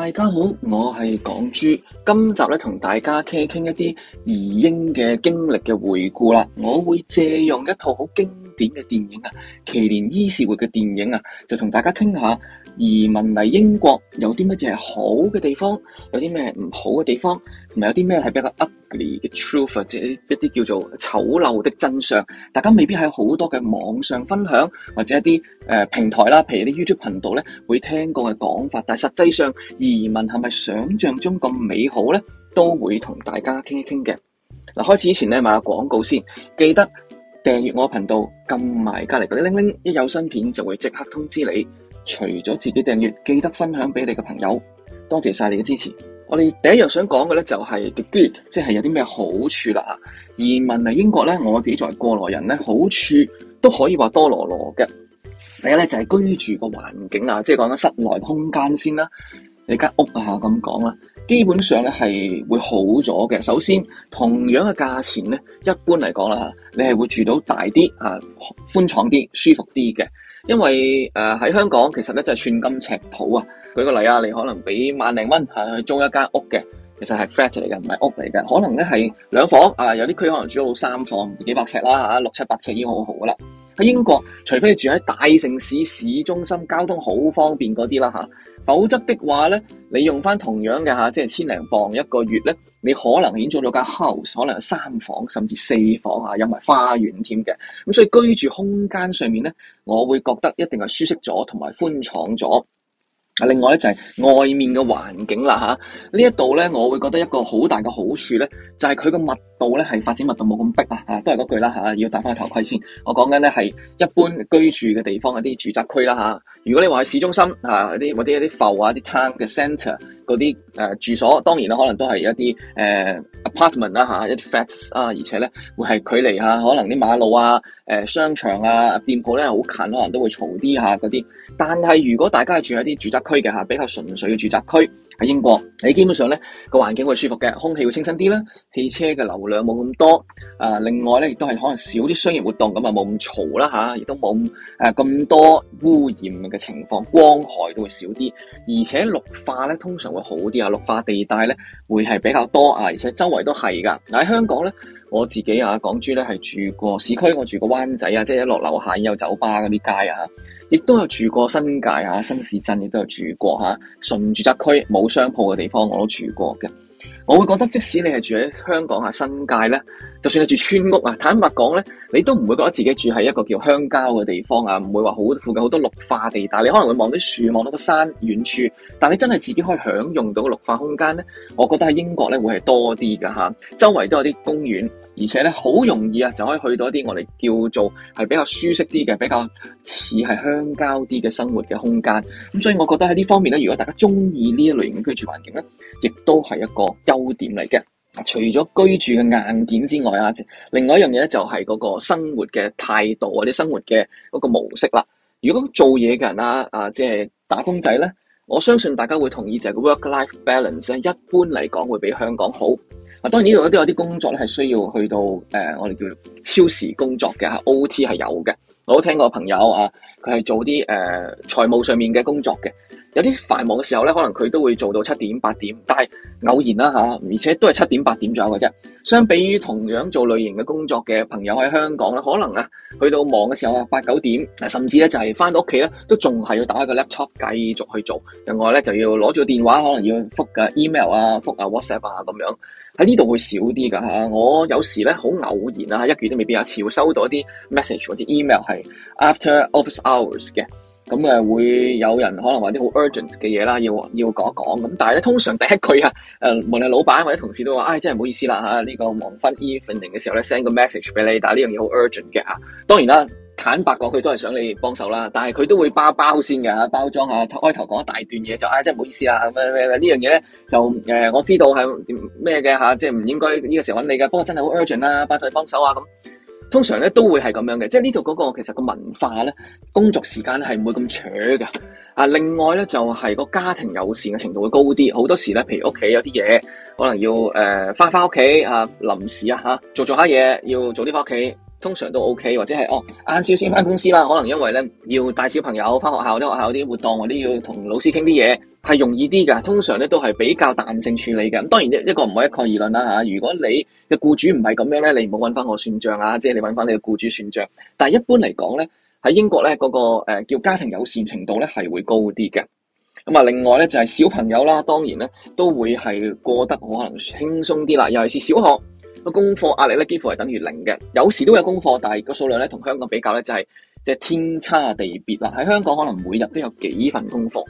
大家好，我係港豬。今集咧同大家傾一啲移英嘅經歷嘅回顧啦。我會借用一套好經。點嘅電影啊，奇連伊士活嘅電影啊，就同大家傾下移民嚟英國有啲乜嘢係好嘅地方，有啲咩唔好嘅地方，同埋有啲咩係比較 ugly 嘅 truth 或者一啲叫做醜陋的真相。大家未必喺好多嘅網上分享或者一啲誒平台啦，譬如啲 YouTube 頻道咧會聽過嘅講法，但係實際上移民係咪想象中咁美好咧？都會同大家傾一傾嘅。嗱，開始之前咧買下廣告先，記得。訂閱我頻道，撳埋隔籬嗰啲鈴鈴，一有新片就會即刻通知你。除咗自己訂閱，記得分享俾你嘅朋友。多謝晒你嘅支持。我哋第一樣想講嘅咧就係 the good，即係有啲咩好處啦。移民嚟英國咧，我自己作為過來人咧，好處都可以話多羅羅嘅。第一咧就係居住個環境啊，即係講緊室內空間先啦，你間屋啊咁講啦。基本上咧係會好咗嘅。首先，同樣嘅價錢咧，一般嚟講啦，你係會住到大啲啊，寬敞啲，舒服啲嘅。因為誒喺、呃、香港其實咧就係寸金尺土啊。舉個例啊，你可能俾萬零蚊啊去租一間屋嘅，其實係 flat 嚟嘅，唔係屋嚟嘅。可能咧係兩房啊，有啲區可能住到三房幾百尺啦嚇，六七百尺已經好好噶啦。喺英國，除非你住喺大城市市中心，交通好方便嗰啲啦，否則的話咧，你用翻同樣嘅嚇，即係千零磅一個月咧，你可能已經租到間 house，可能有三房甚至四房嚇，有埋花園添嘅。咁所以居住空間上面咧，我會覺得一定係舒適咗同埋寬敞咗。另外咧，就係外面嘅環境啦，呢一度咧，我會覺得一個好大嘅好處咧，就係佢嘅密度咧，係發展密度冇咁逼啊，都係嗰句啦，要戴翻頭盔先。我講緊咧係一般居住嘅地方，一啲住宅區啦，如果你話喺市中心嚇嗰啲，或者一啲埠啊啲餐嘅 centre 嗰啲住所，當然啦，可能都係一啲、呃、apartment 啦，一啲 flat 啊，而且咧會係距離嚇，可能啲馬路啊、呃、商場啊、店鋪咧好近，可能都會嘈啲嚇嗰啲。但係如果大家係住喺啲住宅區嘅吓，比較純粹嘅住宅區喺英國，你基本上咧個環境會舒服嘅，空氣會清新啲啦，汽車嘅流量冇咁多，啊，另外咧亦都係可能少啲商業活動，咁啊冇咁嘈啦吓，亦都冇咁誒咁多污染嘅情況，光害都會少啲，而且綠化咧通常會好啲啊，綠化地帶咧會係比較多啊，而且周圍都係噶。嗱喺香港咧，我自己啊港豬咧係住過市區，市區我住過灣仔啊，即係一落樓下有酒吧嗰啲街啊。亦都有住過新界呀，新市鎮亦都有住過嚇，純住宅區冇商鋪嘅地方我都住過嘅。我會覺得，即使你係住喺香港啊新界咧，就算你住村屋啊，坦白講咧，你都唔會覺得自己住喺一個叫鄉郊嘅地方啊，唔會話好附近好多綠化地帶，但你可能會望啲樹，望到個山遠處。但你真係自己可以享用到個綠化空間咧，我覺得喺英國咧會係多啲㗎嚇，周圍都有啲公園，而且咧好容易啊就可以去到一啲我哋叫做係比較舒適啲嘅、比較似係鄉郊啲嘅生活嘅空間。咁所以，我覺得喺呢方面咧，如果大家中意呢一類型嘅居住環境咧，亦都係一個高點嚟嘅，除咗居住嘅硬件之外啊，另外一樣嘢咧就係嗰個生活嘅態度或者生活嘅嗰個模式啦。如果做嘢嘅人啊，啊即係、就是、打工仔咧，我相信大家會同意就係 work-life balance 咧，一般嚟講會比香港好。啊、當然呢度都有啲工作咧係需要去到誒、呃、我哋叫做超時工作嘅、啊，OT 係有嘅。我都聽過個朋友啊，佢係做啲誒財務上面嘅工作嘅。有啲繁忙嘅時候咧，可能佢都會做到七點八點，但係偶然啦嚇、啊，而且都係七點八點左右嘅啫。相比於同樣做類型嘅工作嘅朋友喺香港咧，可能啊，去到忙嘅時候啊，八九點，甚至咧就係翻到屋企咧，都仲係要打開個 laptop 繼續去做，另外咧就要攞住個電話，可能要覆個 email 啊，覆個 WhatsApp 啊咁樣。喺呢度會少啲噶嚇，我有時咧好偶然啊，一個月都未必一次會收到一啲 message 或者 email 係 after office hours 嘅。咁、嗯、誒會有人可能話啲好 urgent 嘅嘢啦，要要講一講咁。但係咧，通常第一句啊，誒、呃、無論老闆或者同事都話：，唉、哎，真係唔好意思啦、啊、呢、呢個忙返 evening 嘅時候咧，send 個 message 俾你，但係呢樣嘢好 urgent 嘅啊。當然啦，坦白講，佢都係想你幫手啦，但係佢都會包包先嘅包裝嚇。開頭講一大段嘢就，唉、哎，真係唔好意思啦、啊，咁樣呢樣嘢咧就誒、呃，我知道係咩嘅嚇，即係唔應該呢個時候揾你嘅。不過真係好 urgent 啦，拜託幫手啊咁。通常咧都會係咁樣嘅，即係呢度嗰個其實個文化咧，工作時間咧係唔會咁扯㗎。啊，另外咧就係個家庭友善嘅程度會高啲。好多時咧，譬如屋企有啲嘢，可能要誒翻翻屋企啊，臨時啊嚇做做下嘢，要早啲翻屋企。通常都 OK，或者係哦晏少先翻公司啦。可能因為咧要帶小朋友翻學校，啲學校啲活動或者要同老師傾啲嘢。係容易啲㗎。通常咧都係比較彈性處理嘅。咁當然一一個唔可以一概而論啦吓。如果你嘅雇主唔係咁樣咧，你唔好搵翻我算賬啊！即係你搵翻你嘅雇主算賬。但係一般嚟講咧，喺英國咧嗰個誒叫家庭友善程度咧係會高啲嘅。咁啊，另外咧就係小朋友啦，當然咧都會係過得可能輕鬆啲啦。尤其是小學個功課壓力咧幾乎係等於零嘅，有時都有功課，但係個數量咧同香港比較咧就係即係天差地別啦。喺香港可能每日都有幾份功課。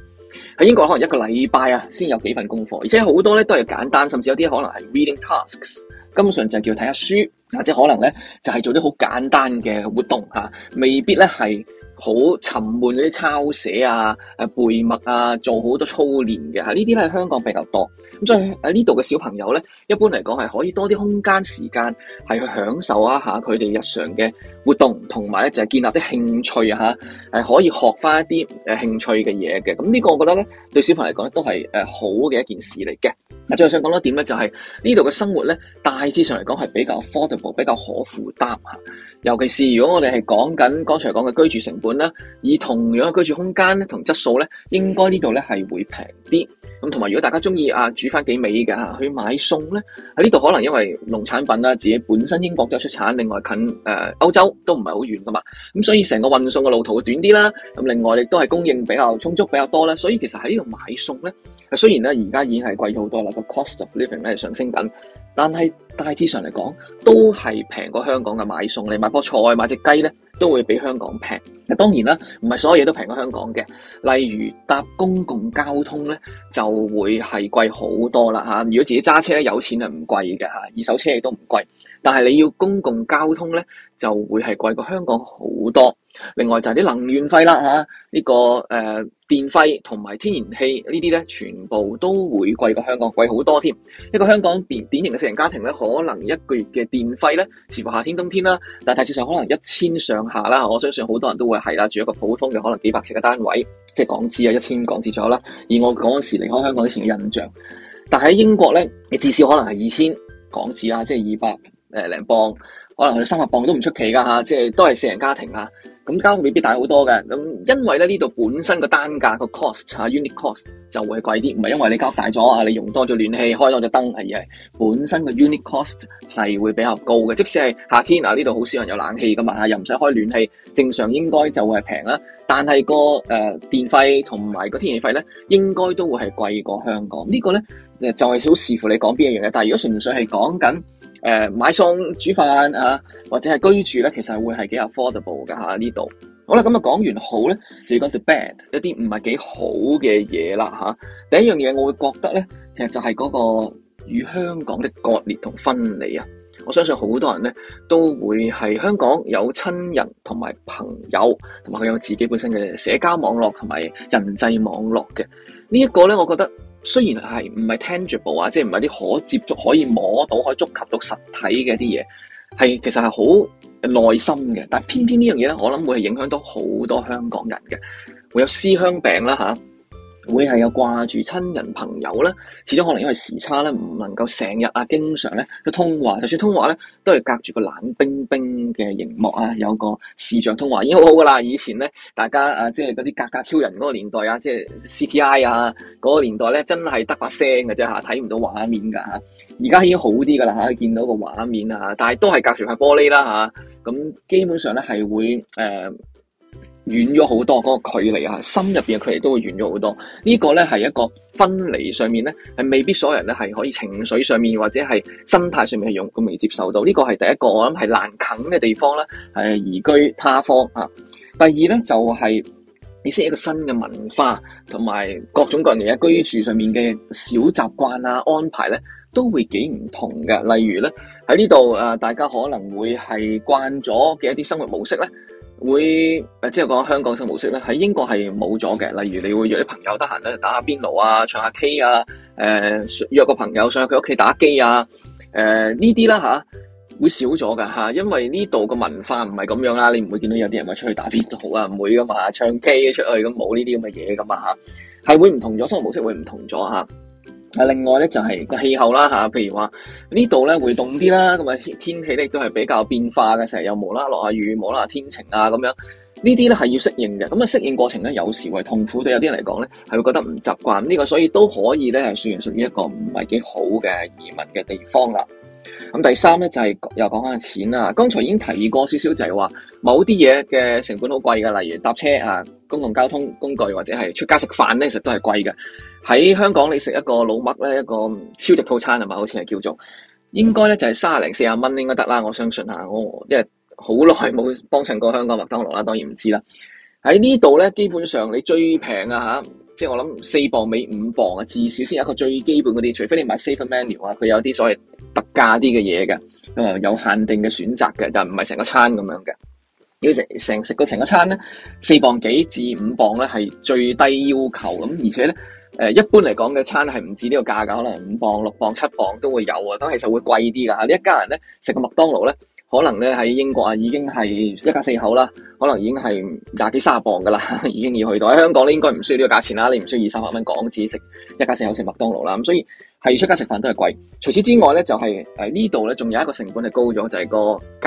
喺英國可能一個禮拜啊，先有幾份功課，而且好多咧都係簡單，甚至有啲可能係 reading tasks，根本上就係叫睇下書，或者可能咧就係做啲好簡單嘅活動吓，未必咧係好沉悶嗰啲抄寫啊、誒背默啊、做好多操練嘅吓。呢啲咧喺香港比較多，咁所以喺呢度嘅小朋友咧，一般嚟講係可以多啲空間時間，係去享受一下佢哋日常嘅。活動同埋咧就係、是、建立啲興趣啊嚇，係、呃、可以學翻一啲誒、呃、興趣嘅嘢嘅。咁、嗯、呢、這個我覺得咧對小朋友嚟講都係、呃、好嘅一件事嚟嘅。嗱、啊，最後想講多點咧，就係呢度嘅生活咧大致上嚟講係比較 affordable，比較可負擔嚇。尤其是如果我哋係講緊剛才講嘅居住成本啦，以同樣嘅居住空間同質素咧，應該呢度咧係會平啲。咁同埋如果大家中意啊煮翻幾味嘅嚇，去買餸咧喺呢度可能因為農產品啦，自己本身英國都有出產，另外近誒歐、呃、洲。都唔係好遠噶嘛，咁所以成個運送嘅路途會短啲啦。咁另外亦都係供應比較充足比較多啦，所以其實喺呢度買餸咧，雖然咧而家已經係貴咗好多啦，個 cost of living 咧上升緊，但係大致上嚟講都係平過香港嘅買餸，你買棵菜、買隻雞咧都會比香港平。當然啦，唔係所有嘢都平過香港嘅，例如搭公共交通咧就會係貴好多啦吓。如果自己揸車咧，有錢就唔貴嘅吓，二手車亦都唔貴。但係你要公共交通呢，就會係貴過香港好多。另外就係啲能源費啦，嚇、啊、呢、這個誒、呃、電費同埋天然氣呢啲呢，全部都會貴過香港貴好多添。一個香港典典型嘅四人家庭呢，可能一個月嘅電費呢，視乎夏天冬天啦，但係大致上可能一千上下啦。我相信好多人都會係啦，住一個普通嘅可能幾百尺嘅單位，即係港紙啊，一千港紙左右啦。以我嗰陣時離開香港之前嘅印象，但係喺英國呢，你至少可能係二千港紙啊，即係二百。誒，零磅可能佢哋三百磅都唔出奇噶吓，即係都係四人家庭啦。咁交未必大好多嘅，咁因為咧呢度本身個單價個 cost 啊，unit cost 就會貴啲，唔係因為你交大咗啊，你用多咗暖氣，開多咗燈而係，本身個 unit cost 係會比較高嘅。即使係夏天啊，呢度好少人有冷氣噶嘛吓，又唔使開暖氣，正常應該就會係平啦。但係個誒電費同埋個天氣費咧，應該都會係貴過香港、這個、呢個咧，就係少視乎你講邊一樣嘢。但係如果純粹係講緊。誒、呃、買餸煮飯啊，或者係居住咧，其實會係幾 affordable 噶嚇呢度。好啦，咁啊講完好咧，就要講到 bad 一啲唔係幾好嘅嘢啦嚇。第一樣嘢我會覺得咧，其實就係嗰個與香港的割裂同分離啊。我相信好多人咧都會係香港有親人同埋朋友，同埋佢有自己本身嘅社交網絡同埋人際網絡嘅。這個、呢一個咧，我覺得。雖然係唔係 tangible 啊，即係唔係啲可接觸、可以摸到、可以觸及到實體嘅啲嘢，係其實係好內心嘅，但偏偏這件呢樣嘢咧，我諗會係影響到好多香港人嘅，會有思鄉病啦嚇。會係有掛住親人朋友啦，始終可能因為時差咧，唔能夠成日啊經常咧嘅通話，就算通話咧都係隔住個冷冰冰嘅熒幕啊，有個視像通話已經好好噶啦。以前咧，大家啊即係嗰啲格格超人嗰個年代啊，即係 CTI 啊嗰個年代咧，真係得把聲嘅啫嚇，睇唔到畫面噶嚇。而家已經好啲噶啦嚇，見到個畫面啊，但係都係隔住塊玻璃啦嚇。咁、啊啊、基本上咧係會、呃遠咗好多，嗰、嗰個距離啊，心入邊嘅距離都會遠咗好多。呢個、呢個咧係一個分離上面咧，係未必所有人咧係可以情緒上面或者係心態上面係用咁未接受到。呢、呢個係第一個我諗係難啃嘅地方啦，係移居他方啊。第二咧就係你識一個新嘅文化，同埋各種各樣嘅居住上面嘅小習慣啊安排咧，都會幾唔同嘅。例如咧喺呢度誒，大家可能會係慣咗嘅一啲生活模式咧。會誒，即係講香港生活模式咧，喺英國係冇咗嘅。例如，你會約啲朋友，得閒咧打下邊爐啊，唱下 K 啊，誒、呃、約個朋友上去佢屋企打機啊，誒、呃、呢啲啦吓，會少咗噶吓，因為呢度個文化唔係咁樣啦，你唔會見到有啲人話出去打邊爐啊，唔會噶嘛，唱 K 出去咁冇呢啲咁嘅嘢噶嘛吓，係會唔同咗生活模式會唔同咗吓。啊啊，另外咧就係個氣候啦吓，譬如話呢度咧會凍啲啦，咁啊天氣咧亦都係比較變化嘅，成日又無啦落下雨，無啦天晴啊咁樣，呢啲咧係要適應嘅，咁啊適應過程咧有時會痛苦，對有啲人嚟講咧係會覺得唔習慣，呢個所以都可以咧係算係屬於一個唔係幾好嘅移民嘅地方啦。咁第三咧就係、是、又講下錢啦。剛才已經提過少少，就係話某啲嘢嘅成本好貴噶，例如搭車啊，公共交通工具或者係出街食飯咧，其實都係貴嘅。喺香港你食一個老麥咧，一個超值套餐係咪好似係叫做應該咧就係三十零四十蚊應該得啦。我相信吓我，因為好耐冇幫襯過香港麥當勞啦，當然唔知啦。喺呢度咧，基本上你最平啊吓，即、就、係、是、我諗四磅尾五磅啊，至少先有一個最基本嗰啲，除非你買 safe menu 啊，佢有啲所謂。價啲嘅嘢嘅，咁啊有限定嘅選擇嘅，就唔係成個餐咁樣嘅。要食成食個成個餐咧，四磅幾至五磅咧係最低要求咁，而且咧，誒一般嚟講嘅餐係唔止呢個價格，可能五磅六磅七磅都會有啊，都其實會貴啲噶吓。你一家人咧食個麥當勞咧，可能咧喺英國啊，已經係一家四口啦，可能已經係廿幾三十磅噶啦，已經要去到喺香港咧，應該唔需要呢個價錢啦，你唔需要二三百蚊港紙食一家四口食麥當勞啦，咁所以係出街食飯都係貴。除此之外咧，就係、誒、呢度咧仲有一個成本係高咗，就係、是、個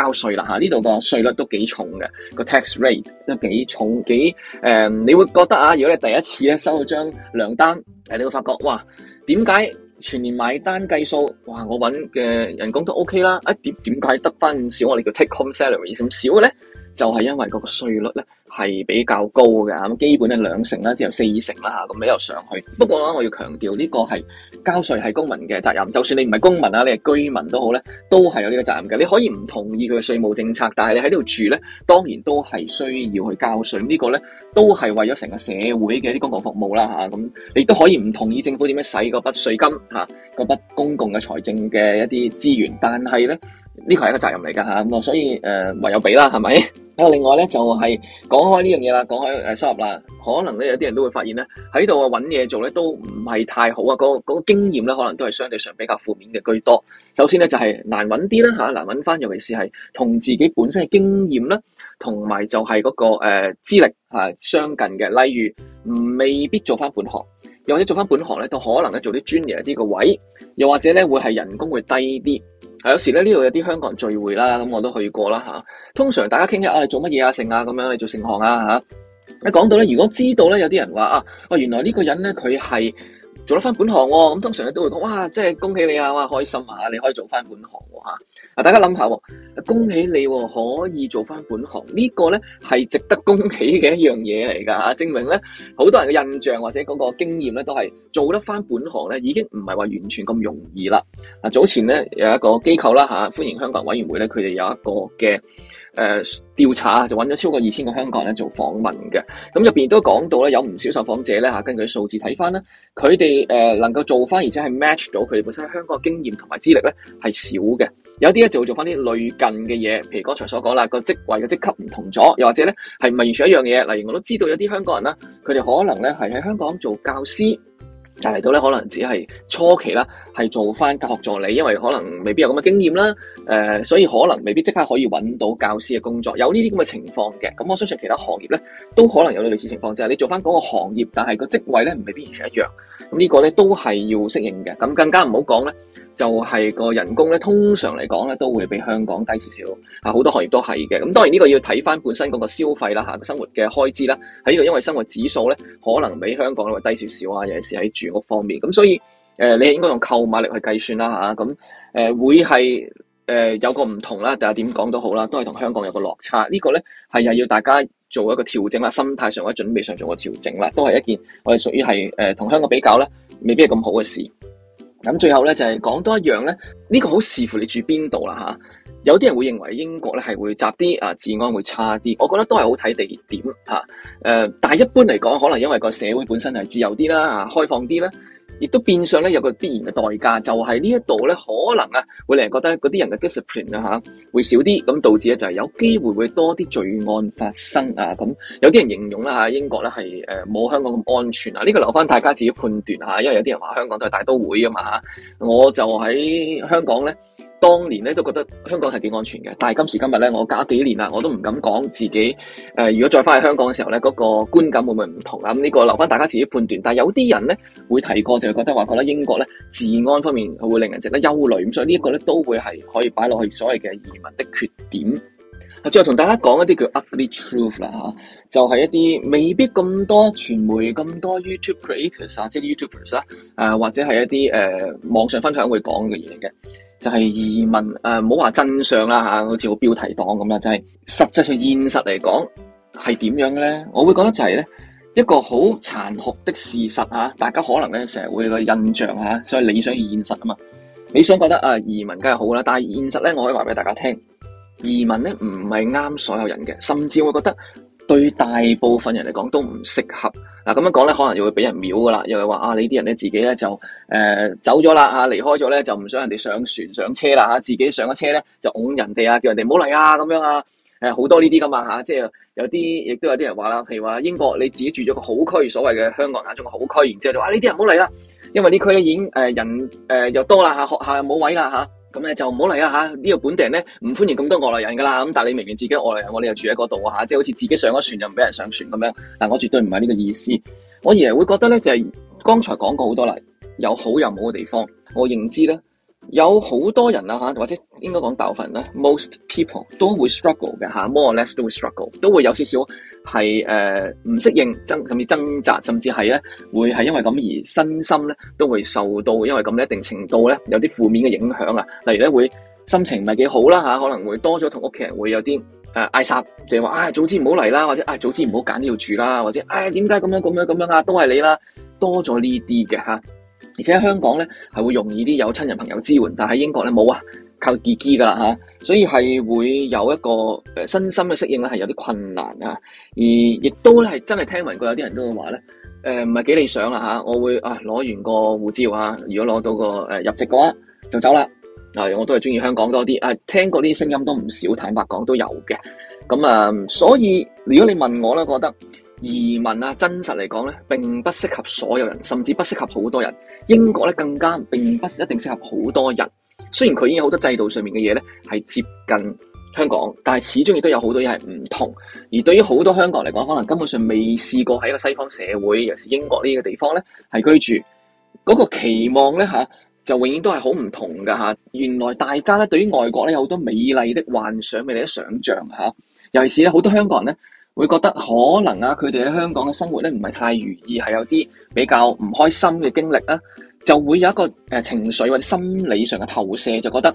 交稅啦嚇，呢度個稅率都幾重嘅，個 tax rate 都幾重幾誒、嗯，你會覺得啊，如果你第一次咧收到張糧單，誒，你會發覺哇，點解？全年埋單計數，哇！我揾嘅人工都 OK 啦，一點點解得翻咁少？我哋叫 take home salary 咁少嘅咧，就係、是、因為嗰個稅率咧。係比較高嘅，咁基本咧兩成啦，之後四成啦嚇，咁咧又上去。不過咧，我要強調呢個係交稅係公民嘅責任，就算你唔係公民啊，你係居民都好咧，都係有呢個責任嘅。你可以唔同意佢嘅稅務政策，但係你喺呢度住咧，當然都係需要去交稅。這個、呢個咧都係為咗成個社會嘅一啲公共服務啦嚇。咁、啊、你都可以唔同意政府點樣使嗰筆稅金嚇，嗰、啊、筆公共嘅財政嘅一啲資源，但係咧呢個係一個責任嚟嘅嚇咁，所以誒、呃、唯有俾啦，係咪？啊、另外呢，就係、是，講開呢樣嘢啦，講開誒、啊、入 h 啦，可能呢，有啲人都會發現呢，喺度啊揾嘢做呢，都唔係太好啊，那個嗰、那個經驗呢，可能都係相對上比較負面嘅居多。首先呢，就係、是，難揾啲啦吓，難揾翻，尤其是係同自己本身嘅經驗啦，同埋就係嗰、那個誒資歷相近嘅，例如未必做翻本行，又或者做翻本行呢，都可能呢做啲專業啲嘅位，又或者呢，會係人工會低啲。有時呢度有啲香港人聚會啦，咁我都去過啦、啊、通常大家傾偈啊，你做乜嘢啊盛啊咁樣，你做盛行啊嚇。一、啊、講、啊、到咧，如果知道咧有啲人話啊，哦、啊、原來呢個人咧佢係做得翻本行喎，咁通常咧都會講，哇，即係恭喜你啊，哇，開心啊，你可以做翻本行喎嚇。嗱，大家諗下喎，恭喜你可以做翻本行，呢個咧係值得恭喜嘅一樣嘢嚟㗎嚇。證明咧，好多人嘅印象或者嗰個經驗咧，都係做得翻本行咧，已經唔係話完全咁容易啦。嗱，早前咧有一個機構啦嚇，歡迎香港委員會咧，佢哋有一個嘅。誒、呃、調查就揾咗超過二千個香港人咧做訪問嘅，咁入面都講到咧，有唔少受訪者咧嚇，根據數字睇翻咧，佢哋誒能夠做翻而且係 match 到佢哋本身香港嘅經驗同埋資歷咧，係少嘅。有啲咧就會做翻啲類近嘅嘢，譬如剛才所講啦，個職位嘅職級唔同咗，又或者咧係唔係完全一樣嘢。例如我都知道有啲香港人啦，佢哋可能咧係喺香港做教師。但嚟到咧，可能只係初期啦，係做翻教學助理，因為可能未必有咁嘅經驗啦。誒、呃，所以可能未必即刻可以揾到教師嘅工作，有呢啲咁嘅情況嘅。咁我相信其他行業咧，都可能有類似情況，就係你做翻嗰個行業，但係個職位咧，唔未必完全一樣。咁呢個咧都係要適應嘅。咁更加唔好講咧。就係、是、個人工咧，通常嚟講咧，都會比香港低少少。啊，好多行業都係嘅。咁當然呢個要睇翻本身個個消費啦，嚇生活嘅開支啦，喺呢度因為生活指數咧，可能比香港會低少少啊。尤其係喺住屋方面，咁所以你係應該用購買力去計算啦，嚇咁誒會係有個唔同啦，但係點講都好啦，都係同香港有個落差。呢、這個咧係又要大家做一個調整啦，心態上或者準備上做個調整啦，都係一件我哋屬於係同香港比較咧，未必係咁好嘅事。咁最後咧就係講多一樣咧，呢個好視乎你住邊度啦吓。有啲人會認為英國咧係會雜啲啊，治安會差啲。我覺得都係好睇地點嚇。誒，但係一般嚟講，可能因為個社會本身係自由啲啦嚇，開放啲啦。亦都變相咧有個必然嘅代價，就係、是、呢一度咧可能啊會令人覺得嗰啲人嘅 discipline 啊嚇會少啲，咁導致咧就係、是、有機會會多啲罪案發生啊！咁有啲人形容啦、啊、英國咧係誒冇香港咁安全啊！呢、這個留翻大家自己判斷啊，因為有啲人話香港都係大都會啊嘛嚇，我就喺香港咧。當年咧都覺得香港係幾安全嘅，但係今時今日咧，我隔咗幾年啦，我都唔敢講自己誒、呃。如果再翻去香港嘅時候咧，嗰、那個觀感會唔會唔同啊？咁呢個留翻大家自己判斷。但係有啲人咧會提過，就係覺得話覺得英國咧治安方面佢會令人值得憂慮，咁所以這呢一個咧都會係可以擺落去所謂嘅移民的缺點。啊，最後同大家講一啲叫 Ugly Truth 啦、啊、嚇，就係、是、一啲未必咁多傳媒咁多 YouTube Creators 啊，即係 YouTubers 啦，誒或者係一啲誒、呃、網上分享會講嘅嘢嘅。就係移民誒，唔好話真相啦吓，好似個標題黨咁啦，就係實際上現實嚟講係點樣咧？我會覺得就係咧一個好殘酷的事實吓，大家可能咧成日會有個印象吓，所以理想與現實啊嘛，你想覺得啊移民梗係好啦，但係現實咧，我可以話俾大家聽，移民咧唔係啱所有人嘅，甚至會覺得。對大部分人嚟講都唔適合，嗱咁樣講咧，可能又會俾人秒噶啦，又係話啊，你啲人咧自己咧就誒、呃、走咗啦，啊離開咗咧就唔想人哋上船上車啦，吓自己上咗車咧就㧬人哋啊，叫人哋唔好嚟啊，咁樣啊，誒好多呢啲噶嘛吓、啊，即係有啲亦都有啲人話啦，譬如話英國你自己住咗個好區，所謂嘅香港眼中嘅好區，然之後就話呢啲人唔好嚟啦，因為這區呢區咧已經誒人誒、呃呃、又多啦吓，學校又冇位啦吓。啊咁咧就唔好嚟啊！呢、這個本地人呢，唔歡迎咁多外來人㗎啦，咁但你明明自己外來人，我哋又住喺嗰度啊吓，即係好似自己上咗船又唔俾人上船咁樣。但我絕對唔係呢個意思，我而係會覺得呢，就係、是、剛才講過好多喇，有好有冇嘅地方，我認知呢。有好多人啦或者應該講大部分咧，most people 都會 struggle 嘅 m o r e or less 都會 struggle，都會有少少係誒唔適應、爭甚至扎，甚至係咧會係因為咁而身心咧都會受到因為咁一定程度咧有啲負面嘅影響啊，例如咧會心情唔係幾好啦可能會多咗同屋企人會有啲誒嗌殺，就係話啊早知唔好嚟啦，或者啊、哎、早知唔好揀呢住啦，或者啊點解咁樣咁樣咁樣啊都係你啦，多咗呢啲嘅而且喺香港咧，係會容易啲有親人朋友支援，但喺英國咧冇啊，靠自己噶啦嚇，所以係會有一個誒、呃、身心嘅適應咧，係有啲困難啊。而亦都咧係真係聽聞過有啲人都會話咧，誒唔係幾理想啦嚇、啊、我會啊攞完個護照啊，如果攞到個、呃、入籍嘅話、啊，就走啦。啊，我都係中意香港多啲啊，聽過啲聲音都唔少，坦白講都有嘅。咁啊，所以如果你問我咧，覺得。移民啊，真實嚟講咧，並不適合所有人，甚至不適合好多人。英國咧更加並不一定適合好多人。雖然佢已經有好多制度上面嘅嘢咧，係接近香港，但係始終亦都有好多嘢係唔同。而對於好多香港人嚟講，可能根本上未試過喺一個西方社會，尤其是英國呢個地方咧，係居住嗰、那個期望咧嚇、啊，就永遠都係好唔同㗎嚇、啊。原來大家咧對於外國咧有好多美麗的幻想，俾你啲想像嚇、啊。尤其是咧好多香港人咧。會覺得可能啊，佢哋喺香港嘅生活咧唔係太如意，係有啲比較唔開心嘅經歷啊，就會有一個情緒或者心理上嘅投射，就覺得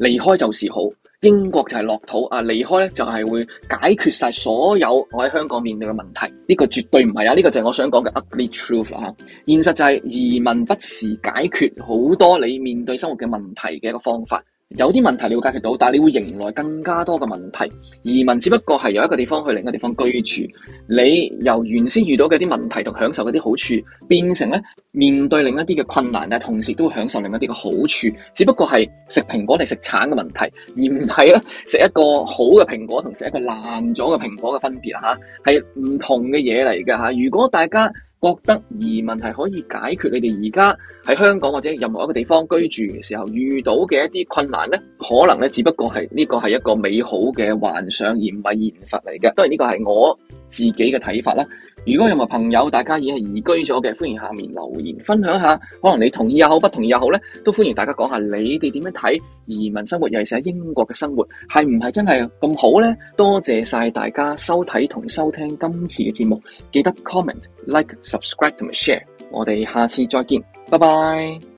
離開就是好，英國就係樂土啊，離開就係會解決晒所有我喺香港面對嘅問題，呢、這個絕對唔係啊，呢、這個就係我想講嘅 ugly truth 啊，現實就係移民不是解決好多你面對生活嘅問題嘅一個方法。有啲問題你會解決到，但係你會迎來更加多嘅問題。移民只不過係由一個地方去另一個地方居住，你由原先遇到嘅啲問題同享受嗰啲好處，變成咧面對另一啲嘅困難，同時都會享受另一啲嘅好處。只不過係食蘋果定食橙嘅問題，而唔係咧食一個好嘅蘋果同食一個爛咗嘅蘋果嘅分別嚇，係唔同嘅嘢嚟㗎嚇。如果大家，覺得移民係可以解決你哋而家喺香港或者任何一個地方居住嘅時候遇到嘅一啲困難呢，可能呢，只不過係呢個係一個美好嘅幻想而唔係現實嚟嘅，當然，呢個係我自己嘅睇法啦。如果任何朋友大家已係移居咗嘅，歡迎下面留言分享下，可能你同意也好，不同意也好咧，都歡迎大家講下你哋點樣睇移民生活，尤其是喺英國嘅生活係唔係真係咁好咧？多謝晒大家收睇同收聽今次嘅節目，記得 comment like、like、subscribe 同 share，我哋下次再見，拜拜。